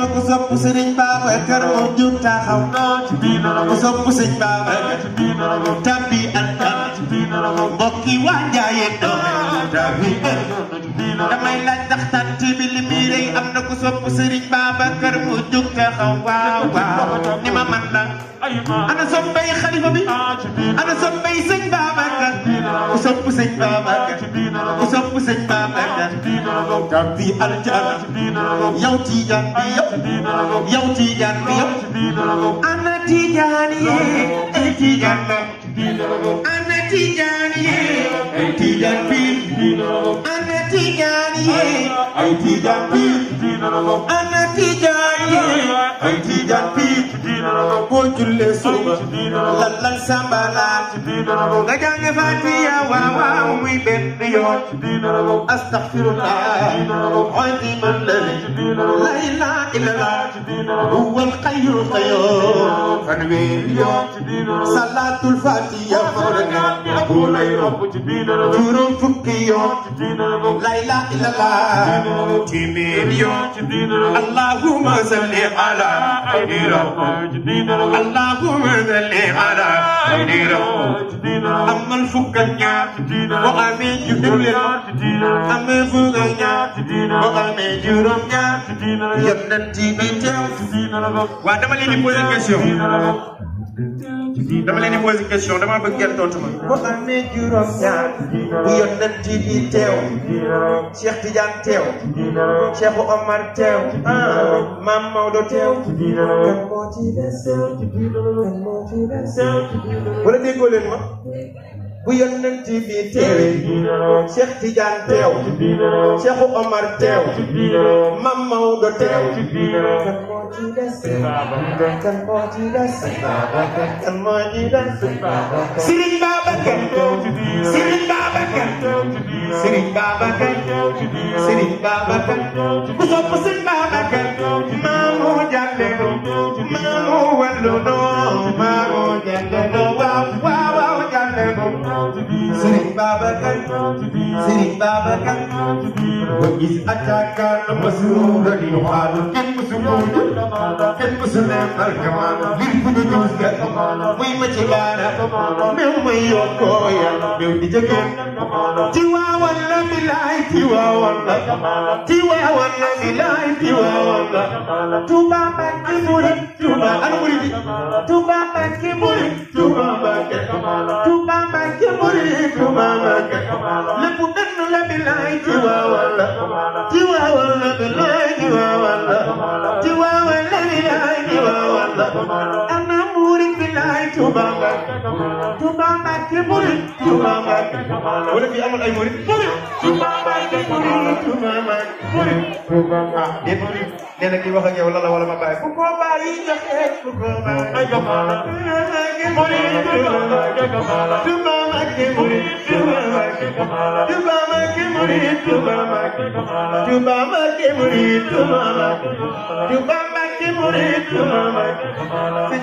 na ko sopp sëriñ Babacar moom jur taxaw. ci biir na ko sopp sëriñ Babacar. ci biir na ko tabbi mbokki waa Njaayeen damay laaj ndax tant bi li muy rëy am na ku sopp Sëriñ Babacar mu jóg taxaw waaw waaw ni ma man la ana soppay xalifa bi ana soppay sëñ Babacar ku sopp sëñ Babacar ku sopp sëñ Babacar gàmbi aljana yow tiijaan bi yow yow tiijaan bi yow ana tiijaan yi tiijaan ana Tijaan yi ay Tijaan bi ana Tijaan ko julle suba lallal sambala nga jàng fatiya waaw waaw muy benn yoon astaghfirullah عظيم الذي لا اله الا الله هو الحي القيوم فنوير يوم صلاة الفاتحة فرنا أبو ليلو جورم فكي يوم لا اله الا الله تيمير يوم اللهم صل على خير اللهم ذل على خيره أما الفك النار وأمي جبل أما فوق النار وأمي جرم نار يمنتي بيتي ودملي بوزيكاسيون Hmm, dama leen di posé question dama bëgg ngeen tontu ma. boo amee juróom-ñaar bu yonent bi teew Cheikh Tidiane teew Cheikh Omar teew Maam Maodo teew kan moo ci des kan wala déggoo leen ma. bu yónnent bi teewee Cheikh Tidiane teew Cheikh Omar teew Mame Maodo teew kan moo ci des kan moo ci des kan moo ci des Serigne Babacar Serigne Babacar Serigne Babacar Serigne Babacar ku sopp Serigne Babacar maamu jàlleeru maamu wallu Babakan, Sini Babakan, Wajis Acakan, Mesura di Nuhal, Ken Musumun, Ken Musulem Arkaman, Lirpuni Nusgat, Wai Macibara, Meu Mayo Koya, Meu Dijagan, Tiwawan la Bilai, Tiwawan la, Tiwawan la Bilai, Tiwawan la, Tuba Baki Murid, Tuba Anwuri, Tuba Baki Murid, Tuba Baki Murid, Tiwaawan la Tiwaawan la bilaay Tiwaawan la Tiwaawan la bilaay Tiwaawan la ana murid bilaay Tuuba Mbàkke Tuuba Mbàkke murid Tuuba Mbàkke wala fi amul ay murid murid Tuuba Mbàkke murid Tuuba Mbàkke murid Tuuba Mbàkke murid nee na kii wax ak yow la la wala ma bàyyi ku ko bàyyi joxe ku ko bàyyi ay gamala murid Tuuba Mbàkke gamala Sëñ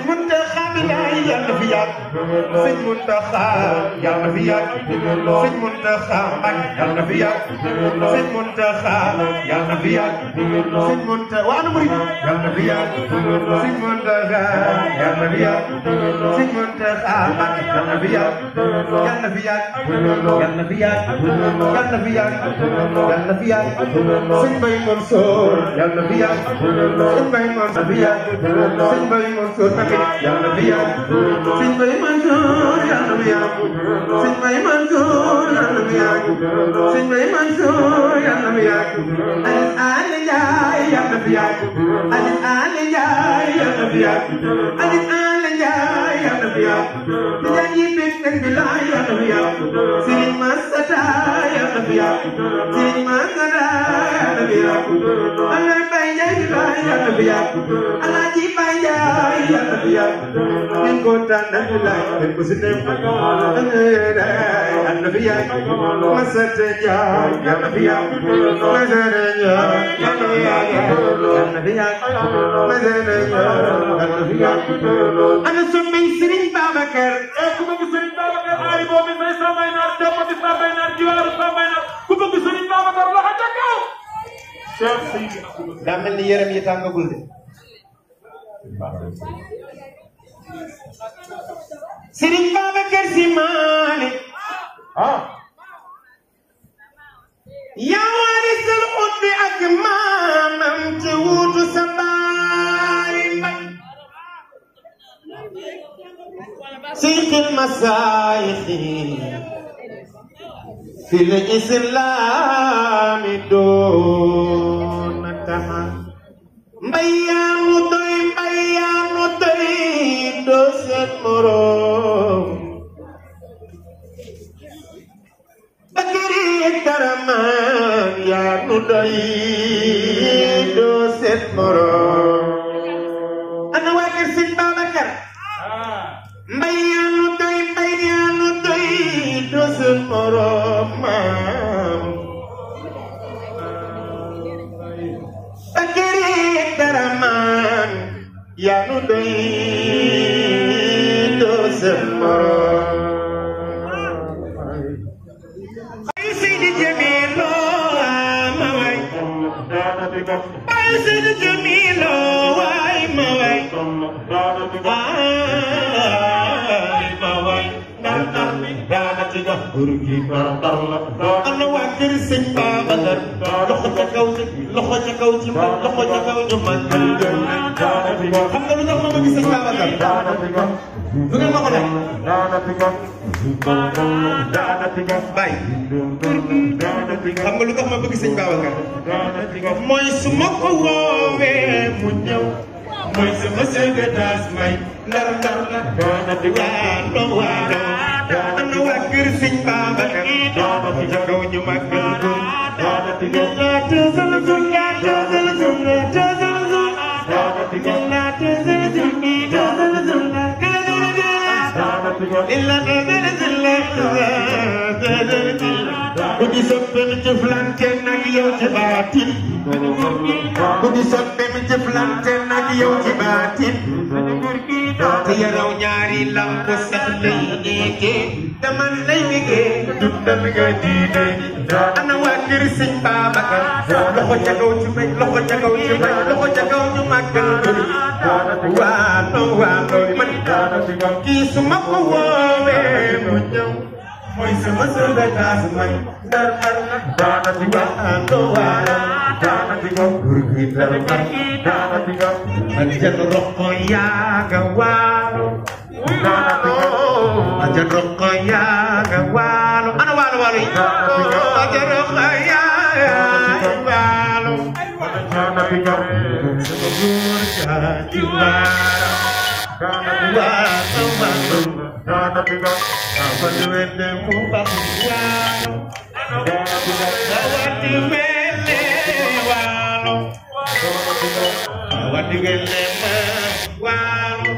Muntaxa bilaay yàlla fi yàgg sëñ Muntaxa yàlla fi yàgg sëñ Muntaxa Mbàkke yàlla fi yàgg sëñ Muntaxa yàlla fi yàgg sëñ Muntaxa waa na murid yàlla fi yàgg sëñ Muntaxa yàlla fi yàgg sëñ Muntaxa Mbàkke yàlla fi yàgg yàlla fi yàgg yàlla fi yàgg yàlla fi yàgg yàlla fi yàgg sëñ Mbay Mansoor yàlla fi yàgg sëñ Mbay Mansoor yàlla fi yàgg sëñ Mbay Mansoor yàlla fi yàgg Hallelujah. Sing man good, hallelujah. Sing man good, hallelujah. Sing man good, hallelujah. And hallelujah, hallelujah. And hallelujah, hallelujah. And hallelujah, hallelujah. Did I give it and be lying, hallelujah. Sing my satire, hallelujah. Sing my satire. yàlla bi yaa alay bay njaay baay yàlla bi yaa alaaji bay njaay yàlla bi yaa ñu ko tànnal laay def ko si dem yàlla bi yaa masate njaay yàlla bi yaa masate njaay yàlla bi yaa yàlla bi yaa masate njaay yàlla bi yaa ana sommay sëriñ Babacar ku bëgg sëriñ Babacar ay boobu may sa may naar dem ma di sa may naar jiwaaru sa may naar ku bëgg sëriñ Babacar loxo ca kaw daa mel ni yaram yi tàngagul de Serigne Babacar Sy Malick ah yaa waarisal xut bi ak maamam te wuutu sa baari mbay seyxil masaayixi في الإسلام دور Adama mbay yaa nu doy mbay yaa moroom yaa nu doy doo seen morom ay Seydi Jamilo ma waay ay Seydi Jamilo waay ma waay waay ma waay ndax ndax mi daanati nga burgi ndax ndax la ana waa kër sëñ ca kaw ci man loxo ca kaw ñu man xam nga lu tax ma bëgg sëñ Babacar lu ngeen ma ko def bay xam nga lu tax ma bëgg sëñ Babacar mooy su ma ko woowee mu ñëw mooy sama secrétaire may lar lar la waa no waa am na waa kër sëñ Babacar ca kaw ñu mag ku di soppeeku jëflante nag yow ci baatin ku di soppeeku jëflante nag yow ci baatin te yaraw ñaari lamp sax lay nekkee dama lay liggéey dundal nga diine ana waa ngir sëñ Babacar loxo ca kaw ci may loxo ca kaw ci may loxo ca kaw ñu màggal bëri waano waano man kii su ma ko woowee mu ñëw mooy sama sëba kaas may dar mar daana di ko waano waano daana di ko bur gi dar mar daana di ko man jël roxo yaaga waano daana di ko man jël roxo yaaga waano Walo, walo,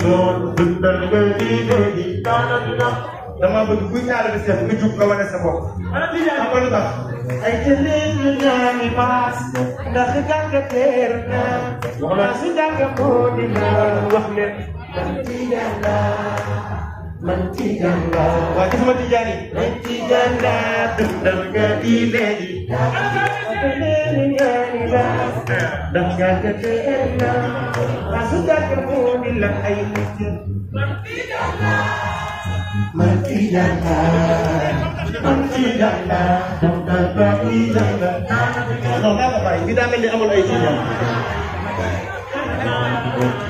doon dundal nga diine gi daanaka ndax dama bëgg kuy taal bi seet nga jug nga wane sa bopp. maanaam lii daal xam nga lu tax. ay jëlee ñu ñaari maas ndax gàncax teer naa. wax naa si gàncax boo di naan wax leen. man tijaan laa man tijaan laa. waa gis nga tijaan yi. man tijaan laa dundal nga diine gi. daanaka Bahkan keterenang Masukkan kamu di lain kecil Bertidaklah Bertidaklah Bertidaklah Dokter bertidaklah Kalau nggak apa-apa, vitamin di amul aja.